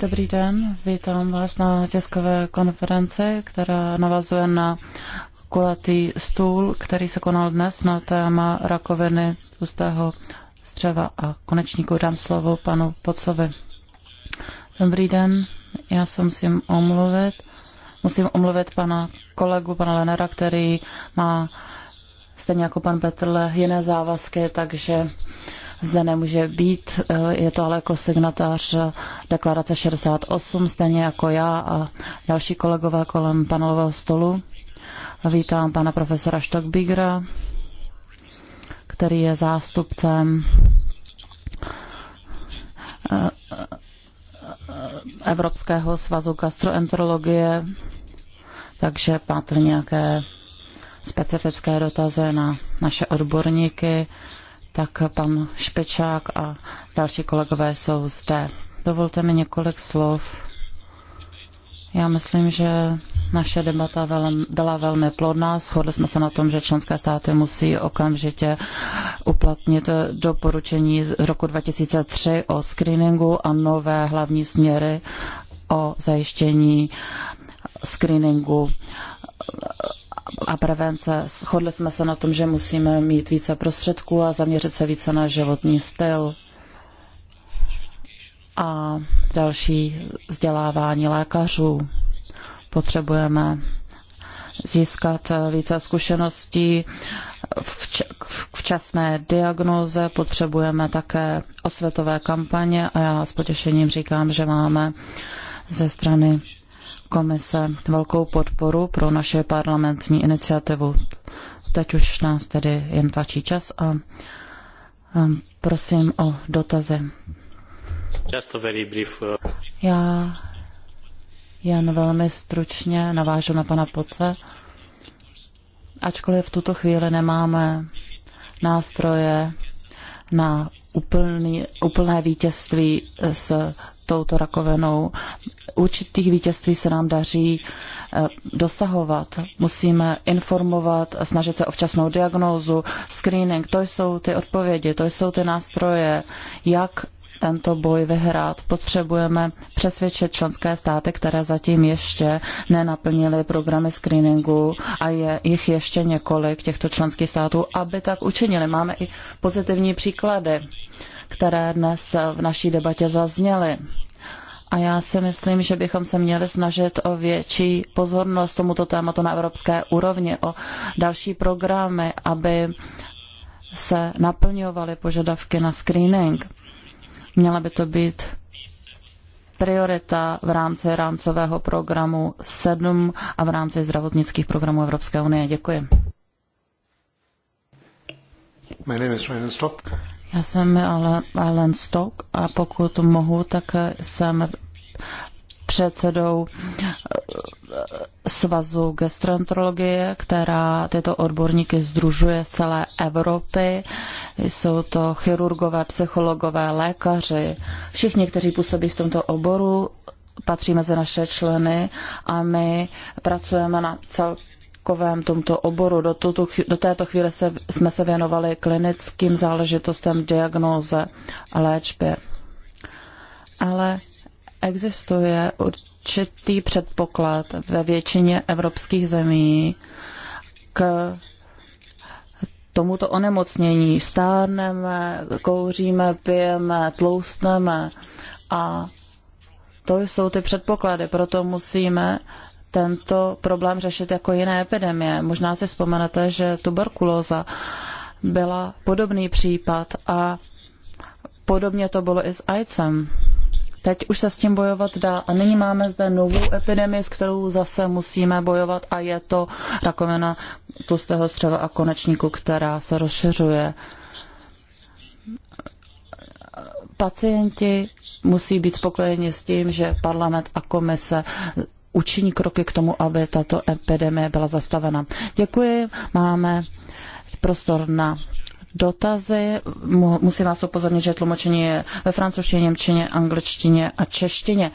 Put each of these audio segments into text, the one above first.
Dobrý den, vítám vás na tiskové konferenci, která navazuje na kulatý stůl, který se konal dnes na téma rakoviny tlustého střeva a konečníku dám slovo panu Pocovi. Dobrý den, já se musím omluvit. Musím omluvit pana kolegu, pana Lenera, který má stejně jako pan Petrle jiné závazky, takže zde nemůže být, eh, je to ale jako signatář deklarace 68, stejně jako já a další kolegové kolem panelového stolu. Vítám pana profesora Stockbigera, který je zástupcem eh, eh, Evropského svazu gastroenterologie, takže máte nějaké specifické dotazy na naše odborníky, tak pan Špečák a další kolegové jsou zde. Dovolte mi několik slov. Já myslím, že naše debata byla velmi plodná. Shodli jsme se na tom, že členské státy musí okamžitě uplatnit doporučení z roku 2003 o screeningu a nové hlavní směry o zajištění screeningu a prevence. Shodli jsme se na tom, že musíme mít více prostředků a zaměřit se více na životní styl a další vzdělávání lékařů. Potřebujeme získat více zkušeností v včasné diagnoze, potřebujeme také osvětové kampaně a já s potěšením říkám, že máme ze strany komise velkou podporu pro naše parlamentní iniciativu. Teď už nás tedy jen tlačí čas a prosím o dotazy. Uh, Já jen velmi stručně navážu na pana Poce. Ačkoliv v tuto chvíli nemáme nástroje na úplný, úplné vítězství s touto rakovinou. Určitých vítězství se nám daří eh, dosahovat. Musíme informovat, snažit se o včasnou diagnózu, screening. To jsou ty odpovědi, to jsou ty nástroje, jak tento boj vyhrát. Potřebujeme přesvědčit členské státy, které zatím ještě nenaplnily programy screeningu a je jich ještě několik těchto členských států, aby tak učinili. Máme i pozitivní příklady, které dnes v naší debatě zazněly. A já si myslím, že bychom se měli snažit o větší pozornost tomuto tématu na evropské úrovni, o další programy, aby se naplňovaly požadavky na screening. Měla by to být priorita v rámci rámcového programu 7 a v rámci zdravotnických programů Evropské unie. Děkuji. My name is Ryan Stock. Já jsem Alan Stock a pokud mohu, tak jsem předsedou eh, svazu gastroenterologie, která tyto odborníky združuje z celé Evropy. Jsou to chirurgové, psychologové, lékaři, všichni, kteří působí v tomto oboru, patří mezi naše členy a my pracujeme na celkovém tomto oboru. Do, tuto, do této chvíle se, jsme se věnovali klinickým záležitostem diagnóze a léčbě. Ale existuje určitý předpoklad ve většině evropských zemí k tomuto onemocnění. Stárneme, kouříme, pijeme, tloustneme a to jsou ty předpoklady, proto musíme tento problém řešit jako jiné epidemie. Možná si vzpomenete, že tuberkulóza byla podobný případ a podobně to bylo i s AIDSem. Teď už se s tím bojovat dá a nyní máme zde novou epidemii, s kterou zase musíme bojovat a je to rakovina tlustého střeva a konečníku, která se rozšiřuje. Pacienti musí být spokojeni s tím, že parlament a komise učiní kroky k tomu, aby tato epidemie byla zastavena. Děkuji, máme prostor na dotazy. Musím vás upozornit, že tlumočení je ve francouzštině, němčině, angličtině a češtině.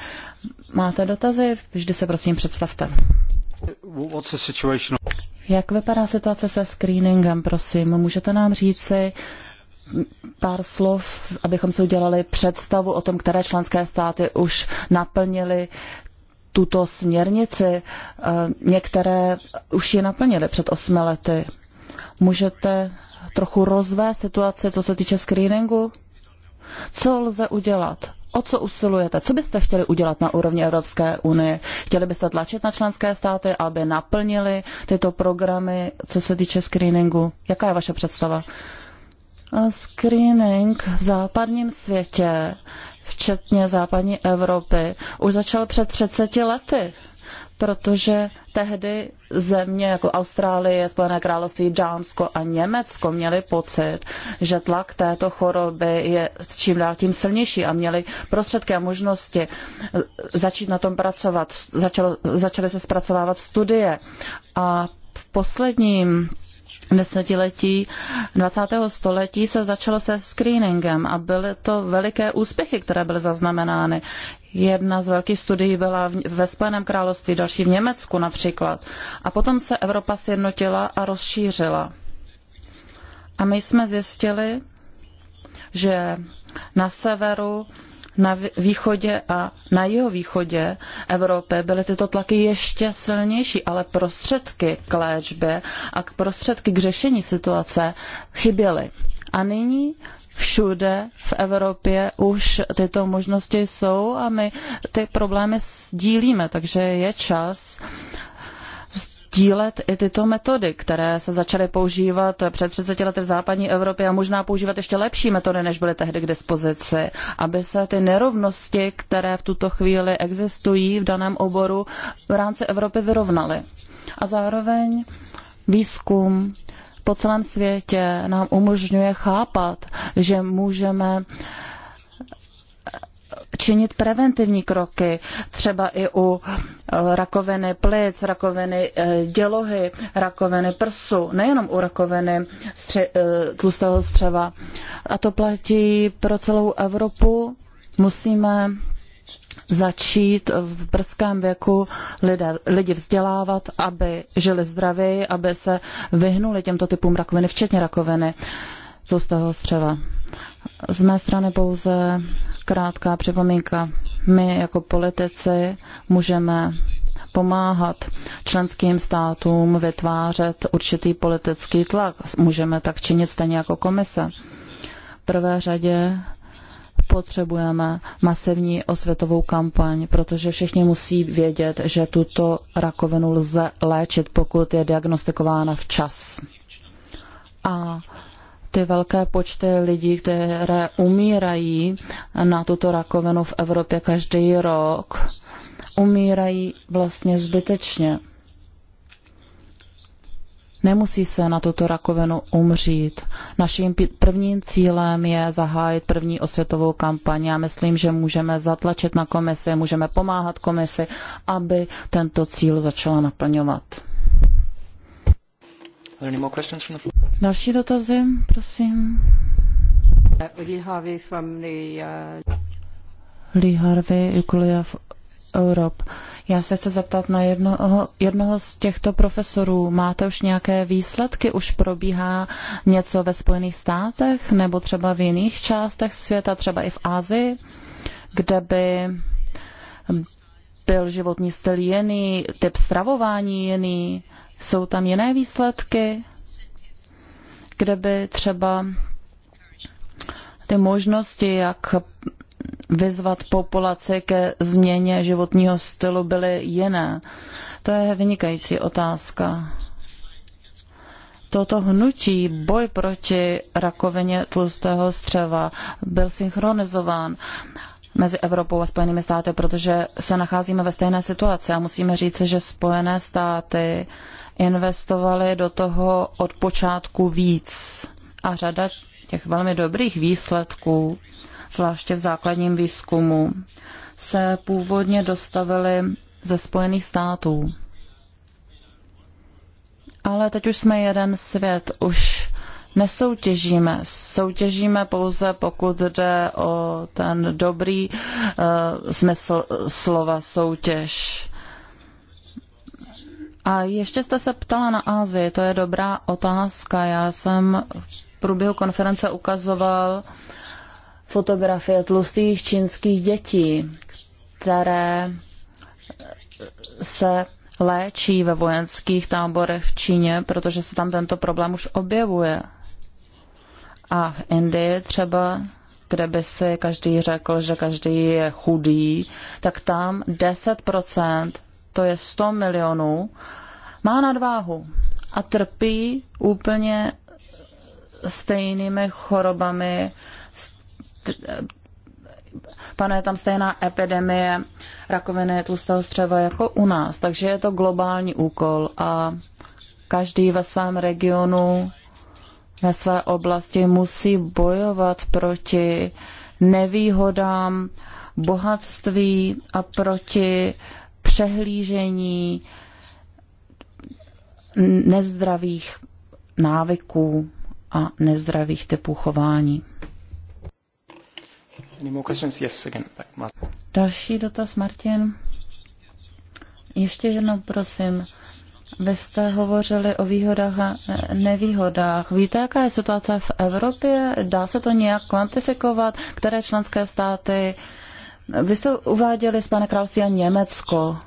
Máte dotazy? Vždy se prosím představte. Jak vypadá situace se screeningem, prosím? Můžete nám říci pár slov, abychom si udělali představu o tom, které členské státy už naplnily tuto směrnici. Eh, některé už ji naplnily před osmi lety. Můžete trochu rozvést situaci, co se týče screeningu? Co lze udělat? O co usilujete? Co byste chtěli udělat na úrovni Evropské unie? Chtěli byste tlačit na členské státy, aby naplnili tyto programy, co se týče screeningu? Jaká je vaše představa? Screening v západním světě, včetně západní Evropy, už začal před 30 lety protože tehdy země jako Austrálie, Spojené království, Dánsko a Německo měli pocit, že tlak této choroby je s čím dál tím silnější a měli prostředky a možnosti eh, začít na tom pracovat. Začalo, začaly se zpracovávat studie a v posledním desetiletí 20. století se začalo se screeningem a byly to veliké úspěchy, které byly zaznamenány. Jedna z velkých studií byla ve Spojeném království, další v Německu například. A potom se Evropa sjednotila a rozšířila. A my jsme zjistili, že na severu, na východě a na východě Evropy byly tyto tlaky ještě silnější, ale prostředky k léčbě a k prostředky k řešení situace chyběly. A nyní všude v Evropě už tyto možnosti jsou a my ty problémy sdílíme, takže je čas sdílet i tyto metody, které se začaly používat před 30 lety v západní Evropě a možná používat ještě lepší metody, než byly tehdy k dispozici, aby se ty nerovnosti, které v tuto chvíli existují v daném oboru, v rámci Evropy vyrovnaly. A zároveň výzkum, po celém světě nám umožňuje chápat, že můžeme činit preventivní kroky, třeba i u eh, rakoviny plic, rakoviny eh, dělohy, rakoviny prsu, nejenom u rakoviny stři- eh, tlustého střeva. A to platí pro celou Evropu. Musíme začít v brzkém věku lidé, lidi vzdělávat, aby žili zdravěji, aby se vyhnuli těmto typům rakoviny, včetně rakoviny tlustého střeva. Z mé strany pouze krátká připomínka. My jako politici můžeme pomáhat členským státům vytvářet určitý politický tlak. Můžeme tak činit stejně jako komise. V prvé řadě potřebujeme masivní osvětovou kampaň, protože všichni musí vědět, že tuto rakovinu lze léčit, pokud je diagnostikována včas. A ty velké počty lidí, které umírají na tuto rakovinu v Evropě každý rok, umírají vlastně zbytečně. Nemusí se na tuto rakovinu umřít. Naším prvním cílem je zahájit první osvětovou kampaň. Já myslím, že můžeme zatlačit na komisi, můžeme pomáhat komisi, aby tento cíl začala naplňovat. Další dotazy, prosím. Lee Harvey, uh, Europe. Já se chci zeptat na jednoho, jednoho z těchto profesorů. Máte už nějaké výsledky? Už probíhá něco ve Spojených státech nebo třeba v jiných částech světa, třeba i v Asii, kde by byl životní styl jiný, typ stravování jiný? Jsou tam jiné výsledky, kde by třeba ty možnosti, jak vyzvat populaci ke změně životního stylu byly jiné? To je vynikající otázka. Toto hnutí boj proti rakovině tlustého střeva byl synchronizován mezi Evropou a Spojenými státy, protože se nacházíme ve stejné situaci a musíme říct, že Spojené státy investovaly do toho od počátku víc. A řada těch velmi dobrých výsledků zvláště v základním výzkumu, se původně dostavili ze Spojených států. Ale teď už jsme jeden svět, už nesoutěžíme. Soutěžíme pouze, pokud jde o ten dobrý uh, smysl slova soutěž. A ještě jste se ptala na Ázii, to je dobrá otázka. Já jsem v průběhu konference ukazoval fotografie tlustých čínských dětí, které se léčí ve vojenských táborech v Číně, protože se tam tento problém už objevuje. A v Indii třeba, kde by si každý řekl, že každý je chudý, tak tam 10%, to je 100 milionů, má nadváhu a trpí úplně stejnými chorobami, panuje tam stejná epidemie rakoviny tlustého střeva jako u nás, takže je to globální úkol a každý ve svém regionu, ve své oblasti musí bojovat proti nevýhodám, bohatství a proti přehlížení nezdravých návyků a nezdravých typů chování. Any more questions? Yes, again. Další dotaz, Martin. Ještě jednou, prosím. Vy jste hovořili o výhodách a nevýhodách. Víte, jaká je situace v Evropě? Dá se to nějak kvantifikovat? Které členské státy? Vy jste uváděli z pana království a Německo.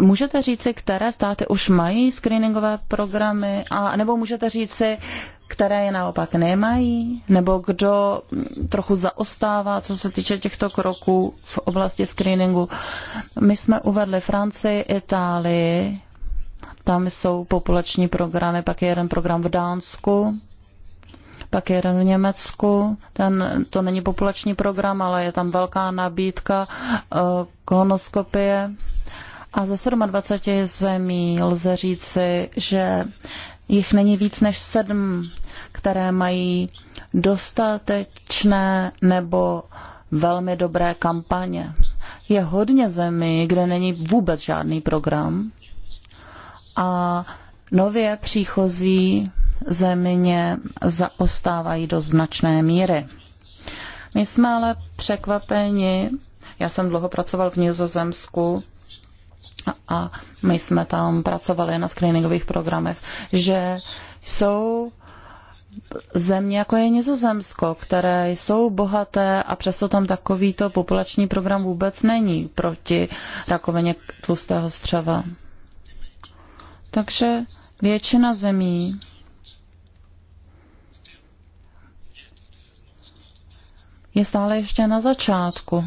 Můžete říci, které státy už mají screeningové programy, a, nebo můžete říci, které je naopak nemají, nebo kdo trochu zaostává, co se týče těchto kroků v oblasti screeningu. My jsme uvedli Francii, Itálii, tam jsou populační programy, pak je jeden program v Dánsku, pak je jeden v Německu, ten, to není populační program, ale je tam velká nabídka uh, kolonoskopie. A ze 27 zemí lze říci, že jich není víc než sedm, které mají dostatečné nebo velmi dobré kampaně. Je hodně zemí, kde není vůbec žádný program a nově příchozí země zaostávají do značné míry. My jsme ale překvapeni, já jsem dlouho pracoval v Nizozemsku, a my jsme tam pracovali na screeningových programech, že jsou země, jako je Nizozemsko, které jsou bohaté a přesto tam takovýto populační program vůbec není proti rakovině tlustého střeva. Takže většina zemí je stále ještě na začátku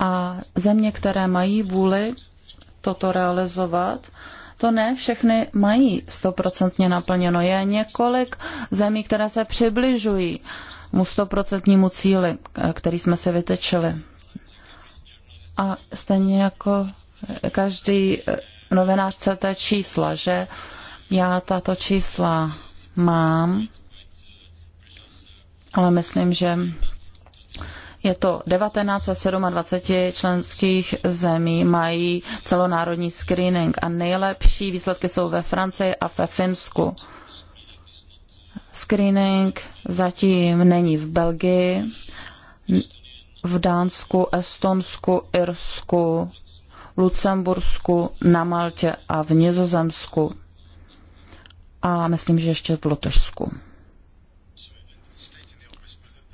a země, které mají vůli toto realizovat, to ne všechny mají stoprocentně naplněno. Je několik zemí, které se přibližují mu stoprocentnímu cíli, který jsme si vytečili. A stejně jako každý novinář chcete čísla, že já tato čísla mám, ale myslím, že je to 19 a 27 členských zemí mají celonárodní screening a nejlepší výsledky jsou ve Francii a ve Finsku. Screening zatím není v Belgii, v Dánsku, Estonsku, Irsku, Lucembursku, na Maltě a v Nizozemsku. A myslím, že ještě v Lotyšsku.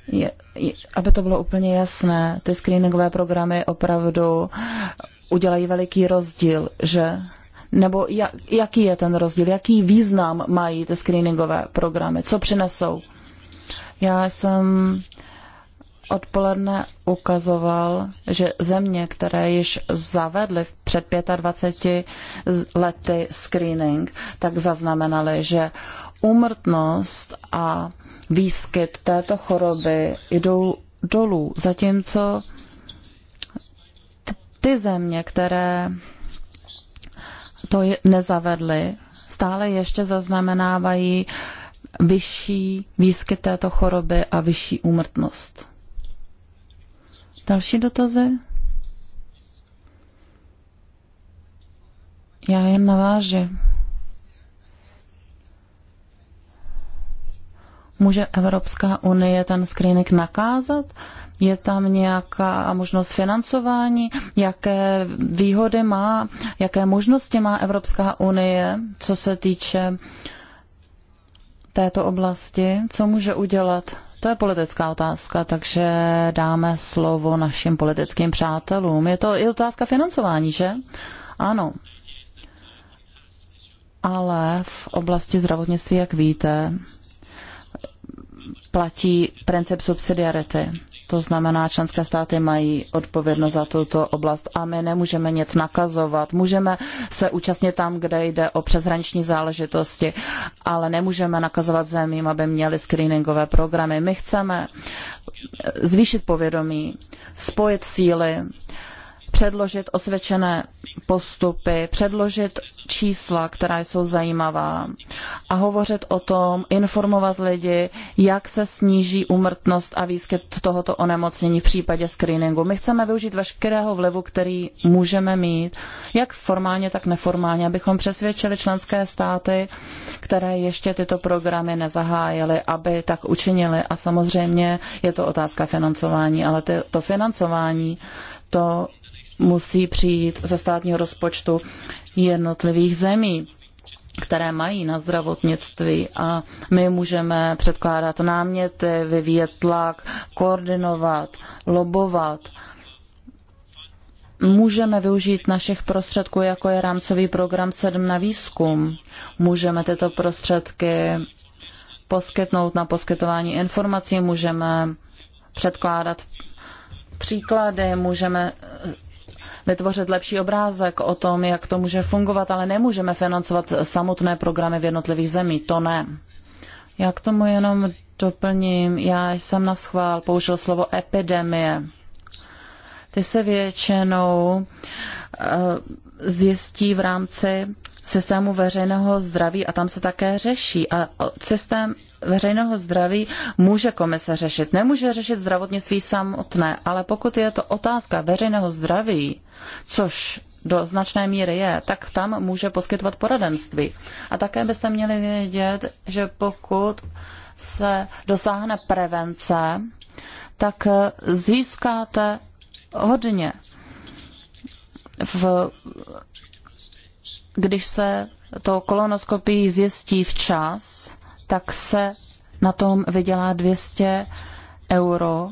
Je, je, aby to bylo úplně jasné, ty screeningové programy opravdu udělají veliký rozdíl, že? Nebo jak, jaký je ten rozdíl, jaký význam mají ty screeningové programy, co přinesou? Já jsem odpoledne ukazoval, že země, které již zavedly před 25 lety screening, tak zaznamenaly, že úmrtnost a výskyt této choroby jdou dolů, zatímco ty země, které to nezavedly, stále ještě zaznamenávají vyšší výskyt této choroby a vyšší úmrtnost. Další dotazy? Já jen navážu. Může Evropská unie ten screening nakázat? Je tam nějaká možnost financování? Jaké výhody má, jaké možnosti má Evropská unie, co se týče této oblasti? Co může udělat? To je politická otázka, takže dáme slovo našim politickým přátelům. Je to i otázka financování, že? Ano. Ale v oblasti zdravotnictví, jak víte, platí princip subsidiarity. To znamená, členské státy mají odpovědnost za tuto oblast a my nemůžeme nic nakazovat. Můžeme se účastnit tam, kde jde o přeshraniční záležitosti, ale nemůžeme nakazovat zemím, aby měli screeningové programy. My chceme zvýšit povědomí, spojit síly, předložit osvědčené postupy, předložit čísla, která jsou zajímavá a hovořit o tom, informovat lidi, jak se sníží úmrtnost a výskyt tohoto onemocnění v případě screeningu. My chceme využít veškerého vlivu, který můžeme mít, jak formálně, tak neformálně, abychom přesvědčili členské státy, které ještě tyto programy nezahájily, aby tak učinili. A samozřejmě je to otázka financování, ale to financování to musí přijít ze státního rozpočtu jednotlivých zemí které mají na zdravotnictví a my můžeme předkládat náměty, vyvíjet tlak, koordinovat, lobovat. Můžeme využít našich prostředků, jako je rámcový program 7 na výzkum. Můžeme tyto prostředky poskytnout na poskytování informací, můžeme předkládat příklady, můžeme vytvořit lepší obrázek o tom, jak to může fungovat, ale nemůžeme financovat samotné programy v jednotlivých zemí. To ne. Já k tomu jenom doplním. Já jsem na schvál použil slovo epidemie. Ty se většinou eh, zjistí v rámci systému veřejného zdraví a tam se také řeší. A systém veřejného zdraví může komise řešit. Nemůže řešit zdravotnictví samotné, ale pokud je to otázka veřejného zdraví, což do značné míry je, tak tam může poskytovat poradenství. A také byste měli vědět, že pokud se dosáhne prevence, tak získáte hodně v když se to kolonoskopii zjistí včas, tak se na tom vydělá 200 euro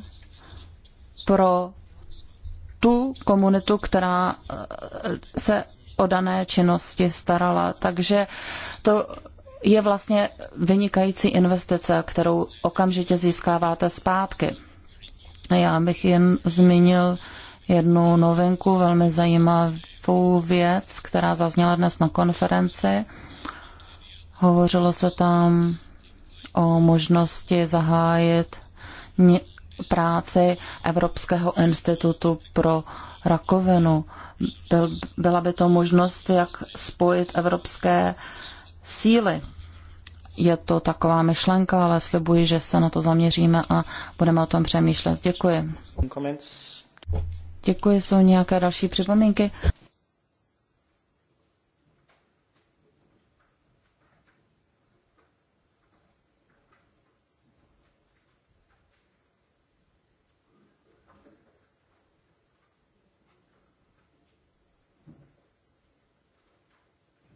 pro tu komunitu, která eh, se o dané činnosti starala. Takže to je vlastně vynikající investice, kterou okamžitě získáváte zpátky. Já bych jen zmínil jednu novinku, velmi zajímavou zajímavou věc, která zazněla dnes na konferenci. Hovořilo se tam o možnosti zahájit práci Evropského institutu pro rakovinu. Byl, byla by to možnost, jak spojit evropské síly. Je to taková myšlenka, ale slibuji, že se na to zaměříme a budeme o tom přemýšlet. Děkuji. Děkuji. Jsou nějaké další připomínky?